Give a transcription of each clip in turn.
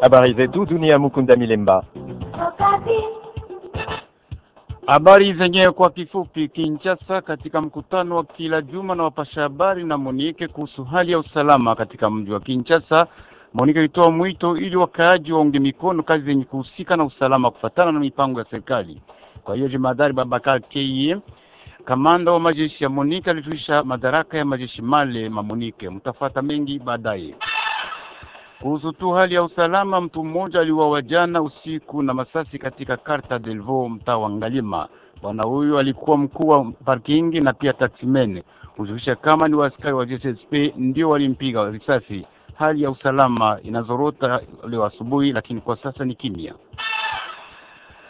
Habari zetu dunia Mukunda Milemba. Habari zenyewe kwa kifupi. Kinshasa, katika mkutano wa kila juma na wapasha habari na Monike kuhusu hali ya usalama katika mji wa Kinshasa, Monike alitoa mwito ili wakaaji waunge mikono kazi zenye kuhusika na usalama kufatana na mipango ya serikali. Kwa hiyo jemadari Babakar Keye, kamanda wa majeshi ya Monike, alitwisha madaraka ya majeshi male mamonike. Mtafata mengi baadaye. Kuhusu tu hali ya usalama, mtu mmoja aliuawa jana usiku na masasi katika Karta Delvaux, mtaa wa Ngalima. Bwana huyu alikuwa mkuu wa parkingi na pia taksimen, hujulisha kama ni waaskari wa JSSP ndio walimpiga risasi. Hali ya usalama inazorota leo asubuhi, lakini kwa sasa ni kimya.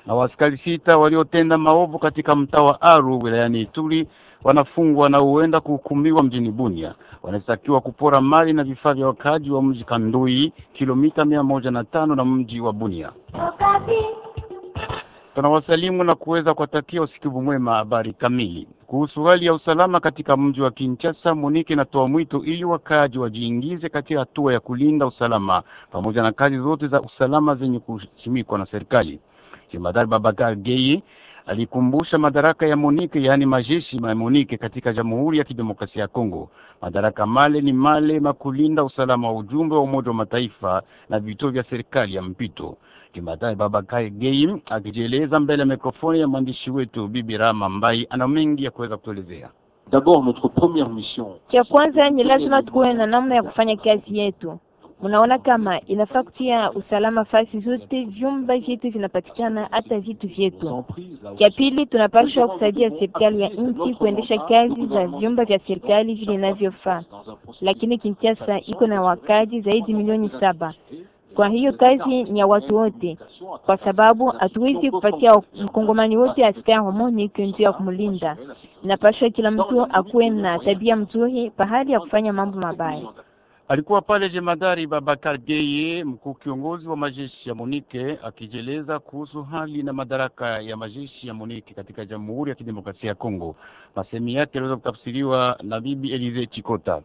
Na waaskari sita waliotenda maovu katika mtaa wa Aru wilayani Ituri wanafungwa na huenda kuhukumiwa mjini Bunia. Wanatakiwa kupora mali na vifaa vya wakaaji wa mji Kandui, kilomita mia moja na tano na mji wa Bunia. Tunawasalimu na kuweza kuwatakia usikivu mwema. Habari kamili kuhusu hali ya usalama katika mji wa Kinshasa, Monike inatoa mwito ili wakaaji wajiingize katika hatua ya kulinda usalama pamoja na kazi zote za usalama zenye kushimikwa na serikali. Jemadari Babakar Gaye alikumbusha madaraka ya monike yaani majeshi ya monike katika Jamhuri ya Kidemokrasia ya Kongo. Madaraka male ni male makulinda usalama wa ujumbe wa Umoja wa Mataifa na vituo vya serikali ya mpito. Kimatai Babakai Gei akijieleza mbele ya mikrofoni ya mwandishi wetu Bibi Rama ambaye ana mengi ya kuweza kutuelezea. D'abord notre première mission, cha kwanza ni lazima tukuwe na namna ya kufanya kazi yetu mnaona kama inafaa kutia usalama fasi zote, vyumba vyetu vinapatikana, hata vitu vyetu. Cha pili, tunapaswa kusaidia serikali ya nchi kuendesha kazi za vyumba vya serikali vile inavyofaa, lakini Kinshasa iko na wakaji zaidi milioni saba. Kwa hiyo kazi ni ya watu wote, kwa sababu hatuwezi kupatia mkongomani wote askari homonique ndio ya kumlinda. Inapaswa kila mtu akuwe na tabia mzuri pahali ya kufanya mambo mabaya. Alikuwa pale jemadari Babakar Gaye, mkuu kiongozi wa majeshi ya Monike, akijieleza kuhusu hali na madaraka ya majeshi ya Monike katika Jamhuri ya Kidemokrasia ya Kongo. Masemi yake yaliweza kutafsiriwa na Bibi Elize Chikota.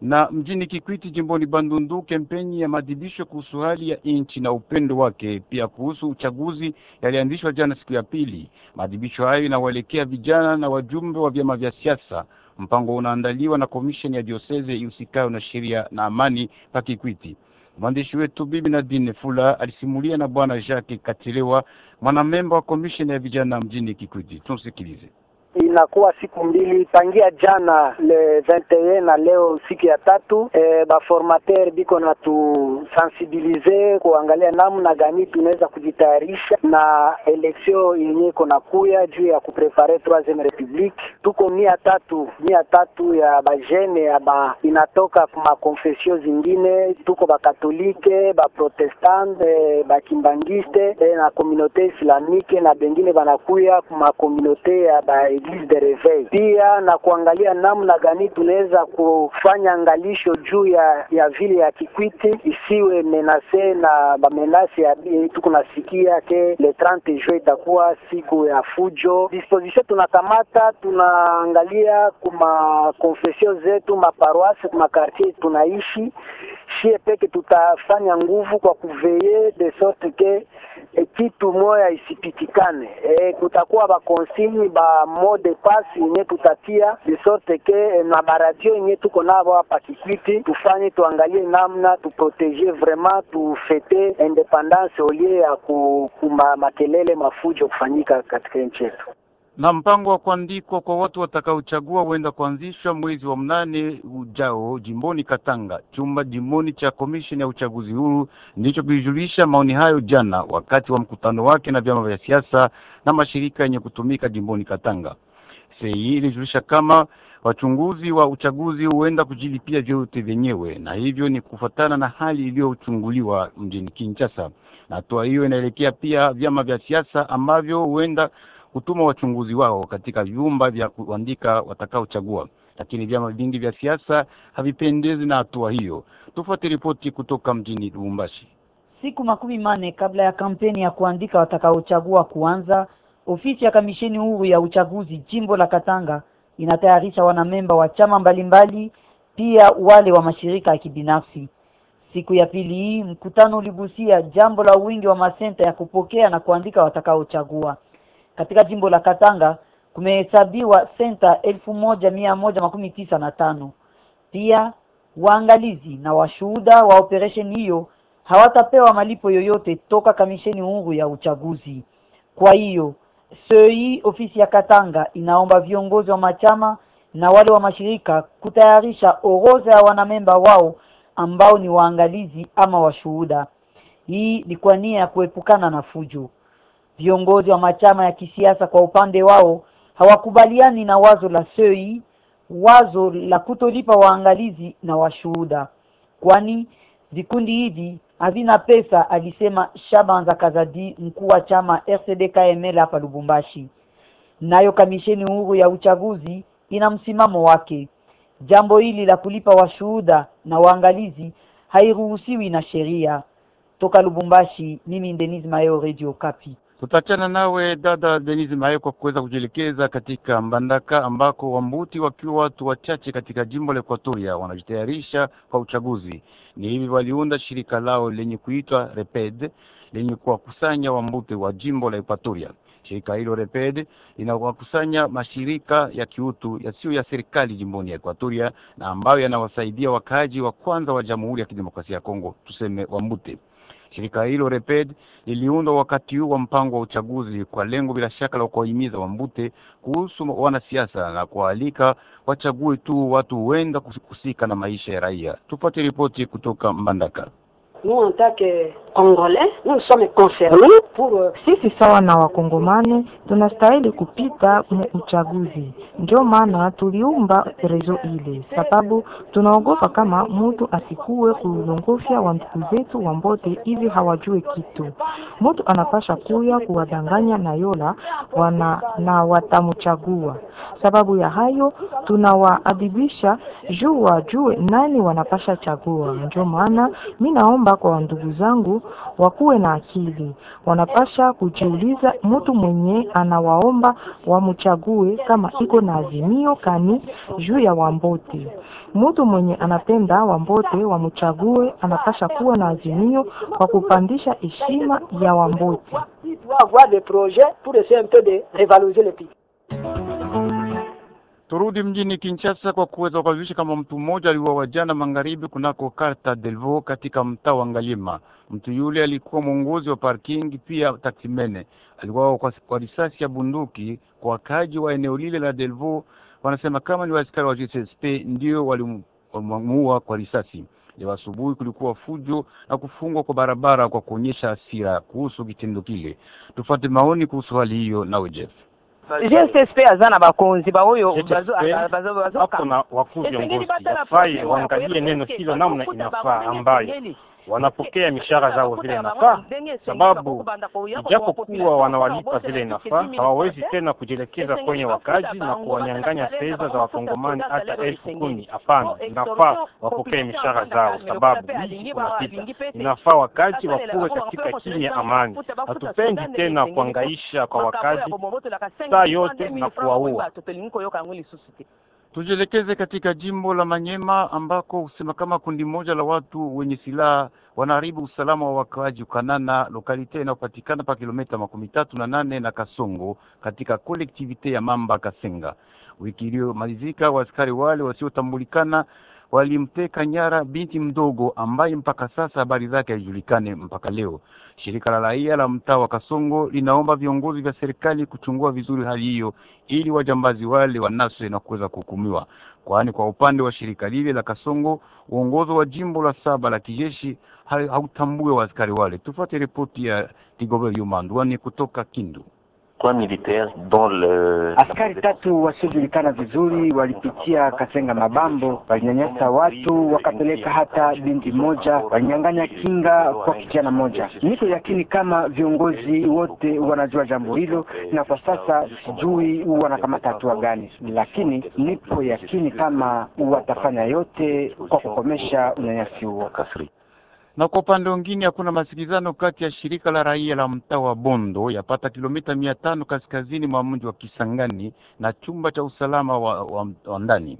Na mjini Kikwiti jimboni Bandundu, kampeni ya maadhibisho kuhusu hali ya nchi na upendo wake pia kuhusu uchaguzi yalianzishwa jana siku ya pili. Maadhibisho hayo inawaelekea vijana na wajumbe wa vyama vya siasa Mpango unaandaliwa na komisheni ya dioseze ihusikayo na sheria na amani pa Kikwiti. Mwandishi wetu Bibi Nadine Fula alisimulia na Bwana Jacques Katilewa, mwanamemba wa komisheni ya vijana mjini Kikwiti. Tumsikilize inakuwa siku mbili tangia jana le 21 na leo siku ya tatu. E, eh, baformateur biko na tusensibilize kuangalia namna gani tunaweza kujitayarisha na eleksio yenye iko na kuya juu ya kuprepare troisieme republique. Tuko mia tatu mia tatu ya bajene ya ba inatoka makonfesio zingine, tuko bakatolike baprotestante eh, bakimbangiste eh, na komunote islamike na bengine banakuya makomunote ya ba eglise de reveil, pia na kuangalia namna gani tunaweza kufanya angalisho juu ya ya vile ya Kikwiti isiwe menase na bamenase ya tuko nasikia ke le 30 juin itakuwa siku ya fujo. Disposition tunakamata tunaangalia kuma konfesio zetu maparoase kumakartier tunaishi shie peke, tutafanya nguvu kwa kuveye de sorte ke e, kitu moya isipitikane. E, kutakuwa bakonsini ba mot de passe yenye tutatia de sorte ke eh, na baradio yenye tuko navo hapa Kikwiti tufanye tuangalie namna tuprotege vraiment tufete independance olie ya kuma makelele mafujo kufanyika katika nchi yetu na mpango wa kuandikwa kwa watu watakaochagua huenda kuanzishwa mwezi wa mnane ujao jimboni Katanga. Chumba jimboni cha komisheni ya uchaguzi huru ndicho kilijulisha maoni hayo jana wakati wa mkutano wake na vyama vya siasa na mashirika yenye kutumika jimboni Katanga sei ilijulisha kama wachunguzi wa uchaguzi huenda kujilipia vyote vyenyewe, na hivyo ni kufuatana na hali iliyochunguliwa mjini Kinshasa. Na hatua hiyo inaelekea pia vyama vya siasa ambavyo huenda kutuma wachunguzi wao katika vyumba vya kuandika watakaochagua, lakini vyama vingi vya siasa havipendezi na hatua hiyo. Tufuate ripoti kutoka mjini Lubumbashi. Siku makumi manne kabla ya kampeni ya kuandika watakaochagua kuanza Ofisi ya kamisheni huru ya uchaguzi jimbo la Katanga inatayarisha wanamemba wa chama mbalimbali, pia wale wa mashirika ya kibinafsi. Siku ya pili hii mkutano uligusia jambo la wingi wa masenta ya kupokea na kuandika watakaochagua katika jimbo la Katanga. Kumehesabiwa senta elfu moja mia moja makumi tisa na tano. Pia waangalizi na washuhuda wa operesheni hiyo hawatapewa malipo yoyote toka kamisheni huru ya uchaguzi. Kwa hiyo Sehii ofisi ya Katanga inaomba viongozi wa machama na wale wa mashirika kutayarisha orodha ya wanamemba wao ambao ni waangalizi ama washuhuda. Hii ni kwa nia ya kuepukana na fujo. Viongozi wa machama ya kisiasa kwa upande wao hawakubaliani na wazo la sei wazo la kutolipa waangalizi na washuhuda, kwani Vikundi hivi havina pesa, alisema Shaban Zakazadi, mkuu wa chama RCD KML hapa Lubumbashi. Nayo kamisheni huru ya uchaguzi ina msimamo wake. Jambo hili la kulipa washuhuda na waangalizi hairuhusiwi na sheria. Toka Lubumbashi, mimi Denis Mayo, Radio Kapi. Tutachana nawe dada Denise Mayo kwa kuweza kujielekeza katika Mbandaka ambako Wambuti wakiwa watu wachache katika jimbo la Ekuatoria wanajitayarisha kwa uchaguzi. Ni hivi waliunda shirika lao lenye kuitwa REPED lenye kuwakusanya Wambuti wa jimbo la Ekuatoria. Shirika hilo REPED linawakusanya mashirika ya kiutu yasiyo ya serikali jimboni ya Ekuatoria na ambayo yanawasaidia wakaaji wa kwanza wa Jamhuri ya Kidemokrasia ya Kongo, tuseme Wambute. Shirika hilo REPED liliundwa wakati huu wa mpango wa uchaguzi kwa lengo bila shaka la kuwahimiza Wambute kuhusu wanasiasa na kuwaalika wachague tu watu huenda kuhusika na maisha ya raia. Tupate ripoti kutoka Mbandaka nous en tant que Congolais, nous sommes concernés pour... Euh, Sisi sawa na Wakongomani tunastahili kupita mu uchaguzi, ndio maana tuliumba rezo ile, sababu tunaogopa kama mutu asikuwe kulongofya wa ndugu zetu wa mbote hivi hawajue kitu. Mutu anapasha kuya kuwadanganya na yola wana na watamuchagua. Sababu ya hayo tunawaadibisha juu wajue nani wanapasha chagua. Ndio maana mi naomba naomba kwa ndugu zangu wakuwe na akili, wanapasha kujiuliza, mtu mwenye anawaomba wamchague kama iko na azimio kani juu ya Wambote. Mtu mwenye anapenda Wambote wamchague, anapasha kuwa na azimio kwa kupandisha heshima ya Wambote. Turudi mjini Kinshasa kwa kuweza kuwajulisha kama mtu mmoja aliuawa jana magharibi kunako Karta Delvaux katika mtaa wa ngalima Mtu yule alikuwa mwongozi wa parking, pia taksimene. Aliuawa kwa risasi ya bunduki. Kwa wakaji wa eneo lile la Delvaux, wanasema kama ni waaskari wa GSSP ndio walimuua kwa risasi. Leo asubuhi kulikuwa fujo na kufungwa kwa barabara kwa kuonyesha hasira kuhusu kitendo kile. Tufuate maoni kuhusu hali hiyo na Jeff. gcfp aza na bakonzi baoyo ako na wakuvyongozi yafai waangalie neno hilo namna inafaa ambayo wanapokea mishahara zao vile inafaa, sababu ijapokuwa wanawalipa vile inafaa, hawawezi tena kujielekeza kwenye wakazi na kuwanyang'anya fedha za wakongomani hata elfu kumi. Hapana, inafaa wapokee mishahara zao, sababu kunapita. Inafaa wakazi wakuwe katika kimya, amani. Hatupendi tena kuangaisha kwa wakazi saa yote na kuwaua. Tujielekeze katika jimbo la Manyema ambako husema kama kundi moja la watu wenye silaha wanaharibu usalama wa wakaaji Ukanana, lokalite inayopatikana pa kilomita makumi tatu na nane na Kasongo katika kolektivite ya Mamba Kasenga. Wiki iliyomalizika waaskari wale wasiotambulikana walimteka nyara binti mdogo ambaye mpaka sasa habari zake hazijulikane mpaka leo. Shirika la raia la mtaa wa Kasongo linaomba viongozi vya serikali kuchungua vizuri hali hiyo ili wajambazi wale wanaswe na kuweza kuhukumiwa, kwani kwa upande wa shirika lile la Kasongo, uongozo wa jimbo la saba la kijeshi hautambue askari wale. Tufuate ripoti ya Tigobe Yumanduani kutoka Kindu kwa militaire dans le askari tatu wasiojulikana vizuri walipitia Kasenga Mabambo, walinyanyasa watu, wakapeleka hata binti moja, walinyang'anya kinga kwa kijana moja. Niko yakini kama viongozi wote wanajua jambo hilo, na kwa sasa sijui wanakamata hatua gani, lakini nipo yakini kama watafanya yote kwa kukomesha unyanyasi huo na kwa upande mwingine hakuna masikizano kati ya shirika la raia la mtaa wa Bondo yapata kilomita mia tano kaskazini mwa mji wa Kisangani na chumba cha usalama wa, wa, wa ndani.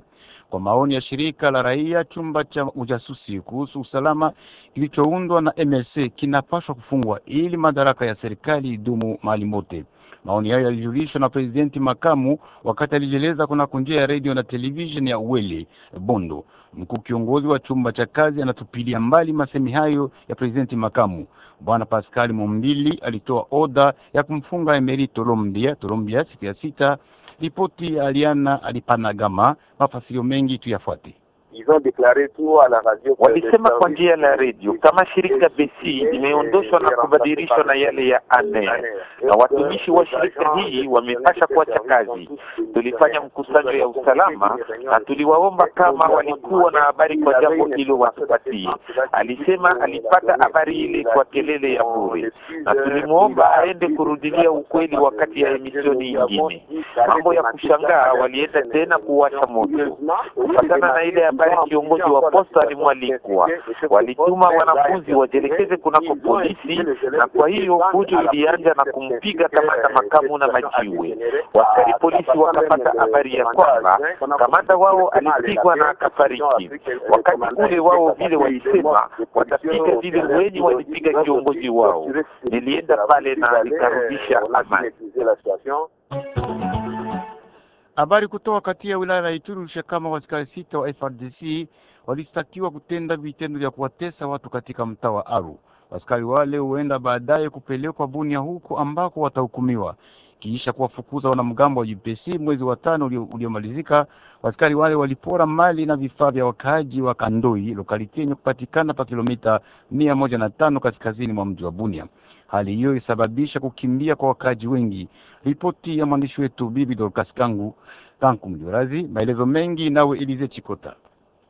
Kwa maoni ya shirika la raia, chumba cha ujasusi kuhusu usalama kilichoundwa na MSC kinapaswa kufungwa ili madaraka ya serikali idumu mahali mote. Maoni hayo yalijulishwa na presidenti makamu wakati alijieleza kunako njia ya redio na televisheni ya Uwele Bondo. Mkuu kiongozi wa chumba cha kazi anatupilia mbali masemi hayo ya presidenti makamu. Bwana Pascal Mombili alitoa oda ya kumfunga Emery Tolombia Tolombia siku ya sita. Ripoti ya Aliana Alipanagama, mafasirio mengi tuyafuate. Walisema kwa njia la redio kama shirika BC limeondoshwa na kubadilishwa na yale ya ane, na watumishi wa shirika hii wamepasha kuacha kazi. Tulifanya mkusanyo ya usalama na tuliwaomba kama walikuwa na habari kwa jambo hilo watupatie. Alisema alipata habari ile kwa kelele ya bure, na tulimwomba aende kurudilia ukweli wakati ya emisioni ingine. Mambo ya kushangaa, walienda tena kuwasha moto kufatana na ile wakati kiongozi wa posta alimwalikwa. Walituma wanafunzi wajielekeze kunako polisi, na kwa hiyo fujo ilianja na kumpiga kamata makamu na majiwe. Waskari polisi wakapata habari ya kwamba kamata wao alipigwa na akafariki. Wakati ule wao vile walisema watapiga vile wenye walipiga kiongozi wao. Nilienda pale na nikarudisha amani. Habari kutoka kati ya wilaya ya Iturusha kama wasikari sita wa FRDC walistakiwa kutenda vitendo vya kuwatesa watu katika mtaa wa Aru. Wasikari wale huenda baadaye kupelekwa Bunia huko ambako watahukumiwa kisha kuwafukuza wanamgambo wa UPC mwezi wa tano uliomalizika. Wasikari wale walipora mali na vifaa vya wakaaji wa Kandoi, lokaliti yenye kupatikana pa kilomita mia moja na tano kaskazini mwa mji wa Bunia. Hali hiyo isababisha kukimbia kwa wakaaji wengi. Ripoti ya mwandishi wetu Bibi Dorcas Kangu Kanku Mjorazi, maelezo mengi nawe Elize Chikota.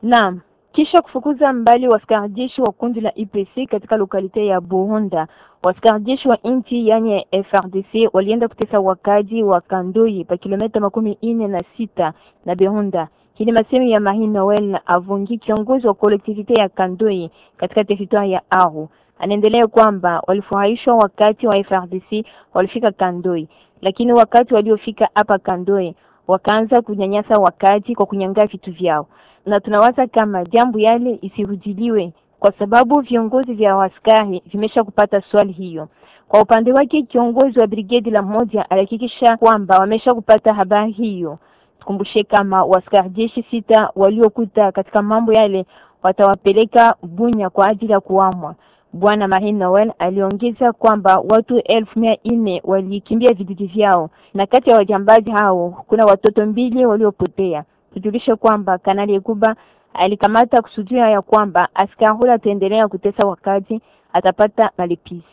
Naam. Kisha kufukuza mbali waskarijeshi wa kundi la IPC katika lokalite ya Buhunda, waskarijeshi wa nchi yani FRDC walienda kutesa wakaji wa kandoi pa kilometa makumi ine na sita na Buhunda. Hii ni masemu ya Marie Noel Avungi, kiongozi wa kolektivite ya kandoi katika teritwari ya Aru. Anaendelea kwamba walifurahishwa wakati wa FRDC walifika Kandoi, lakini wakati waliofika hapa Kandoi wakaanza kunyanyasa wakati kwa kunyang'aa vitu vyao, na tunawaza kama jambo yale isirudiliwe kwa sababu viongozi vya waskari vimesha kupata swali hiyo. Kwa upande wake, kiongozi wa brigedi la moja alihakikisha kwamba wamesha kupata habari hiyo. Tukumbushe kama waskari jeshi sita waliokuta katika mambo yale watawapeleka Bunya kwa ajili ya kuamwa. Bwana Marie Noel aliongeza kwamba watu elfu mia nne walikimbia vijiji vyao na kati ya wajambazi hao kuna watoto mbili waliopotea. Tujulishe kwamba Kanali Kuba alikamata kusudia ya kwamba askari huyo ataendelea kutesa wakati atapata malipizi.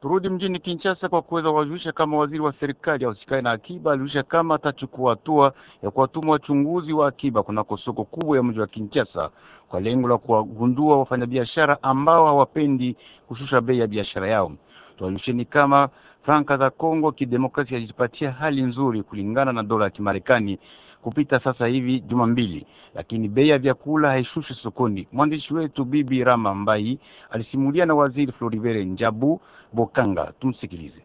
Turudi mjini Kinshasa kwa kuweza kuwajulisha kama waziri wa serikali ausikae na akiba alijulisha kama atachukua hatua ya kuwatuma wachunguzi wa akiba kunako soko kubwa ya mji wa Kinshasa kwa lengo la kuwagundua wafanyabiashara ambao hawapendi kushusha bei ya biashara yao. Tuwajulisheni kama franka za Kongo kidemokrasia yajipatia hali nzuri kulingana na dola ya Kimarekani kupita sasa hivi juma mbili, lakini bei ya vyakula haishushi sokoni. Mwandishi wetu Bibi Rama Mbai alisimulia na Waziri Floribere Njabu Bokanga, tumsikilize.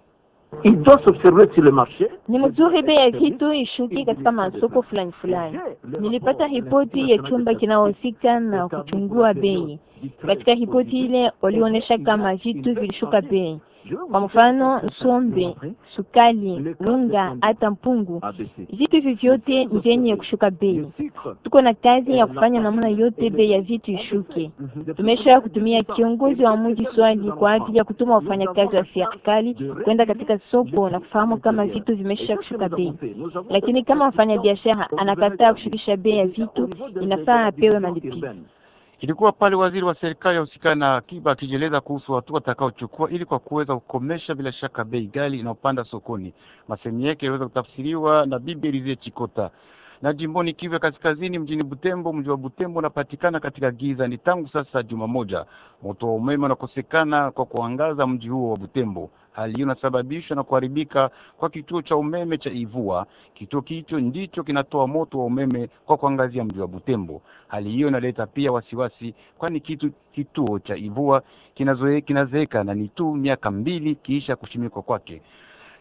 ni mzuri bei ya vitu ishuki katika masoko fulani fulani. Nilipata ripoti ya chumba kinaohusika na kuchungua bei. Katika ripoti ile walionyesha kama vitu vilishuka bei kwa mfano sombe, sukali, unga, hata mpungu, vitu hivi vyote ni vyenye kushuka bei. Tuko na kazi ya kufanya namna yote bei ya vitu ishuke. Tumesha kutumia kiongozi wa mji swali kwa ajili ya kutuma wafanyakazi wa serikali kwenda katika soko na kufahamu kama vitu vimesha kushuka bei, lakini kama mfanyabiashara anakataa kushukisha bei ya vitu, inafaa apewe malipizi. Ilikuwa pale waziri wa serikali husika na akiba akijieleza kuhusu hatua atakaochukua ili kwa kuweza kukomesha bila shaka bei gali inayopanda sokoni. Masemi yake yaweza kutafsiriwa na Bibi Elize Chikota na jimboni Kivu Kaskazini, mjini Butembo. Mji wa Butembo unapatikana katika giza, ni tangu sasa juma moja. Moto wa umeme unakosekana kwa kuangaza mji huo wa Butembo. Hali hiyo inasababishwa na kuharibika kwa kituo cha umeme cha Ivua. Kituo hicho ndicho kinatoa moto wa umeme kwa kuangazia mji wa Butembo. Hali hiyo inaleta pia wasiwasi, kwani kitu kituo cha Ivua kinazeeka na ni tu miaka mbili kiisha kushimikwa kwake.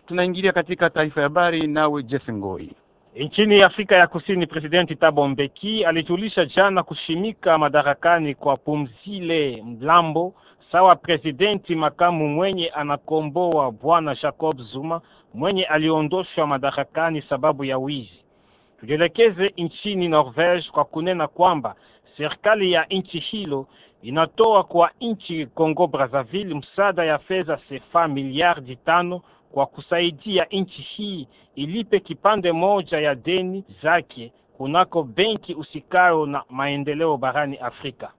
Tunaingilia katika taarifa ya habari, nawe Jeff Ngoi. Nchini Afrika ya Kusini, Presidenti Thabo Mbeki alijulisha jana kushimika madarakani kwa Pumzile Mlambo sawa presidenti makamu mwenye anakomboa Bwana Jacob Zuma mwenye aliondoshwa madarakani sababu ya wizi. Tujielekeze nchini Norvege kwa kunena kwamba serikali ya nchi hilo inatoa kwa nchi congo Brazzaville msaada ya fedha sefa miliardi tano kwa kusaidia nchi hii ilipe kipande moja ya deni zake kunako benki usikao na maendeleo barani Afrika.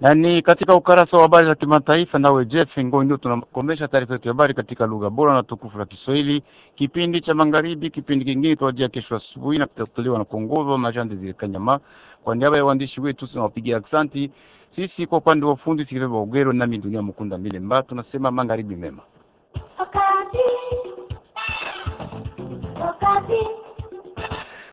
Na ni katika ukarasa wa habari za kimataifa, nawe Jeff Ngo, ndio tunakomesha taarifa yetu ya habari katika lugha bora na tukufu la Kiswahili, kipindi cha magharibi. Kipindi kingine tuwajia kesho asubuhi na kitatuliwa na kuongozwa na Jean Desire Kanyama. Kwa niaba ya waandishi wetu tunawapigia aksanti. Sisi kwa upande wa fundi Silvia Ogero, nami Dunia Mukunda Milemba, tunasema magharibi mema. Okay.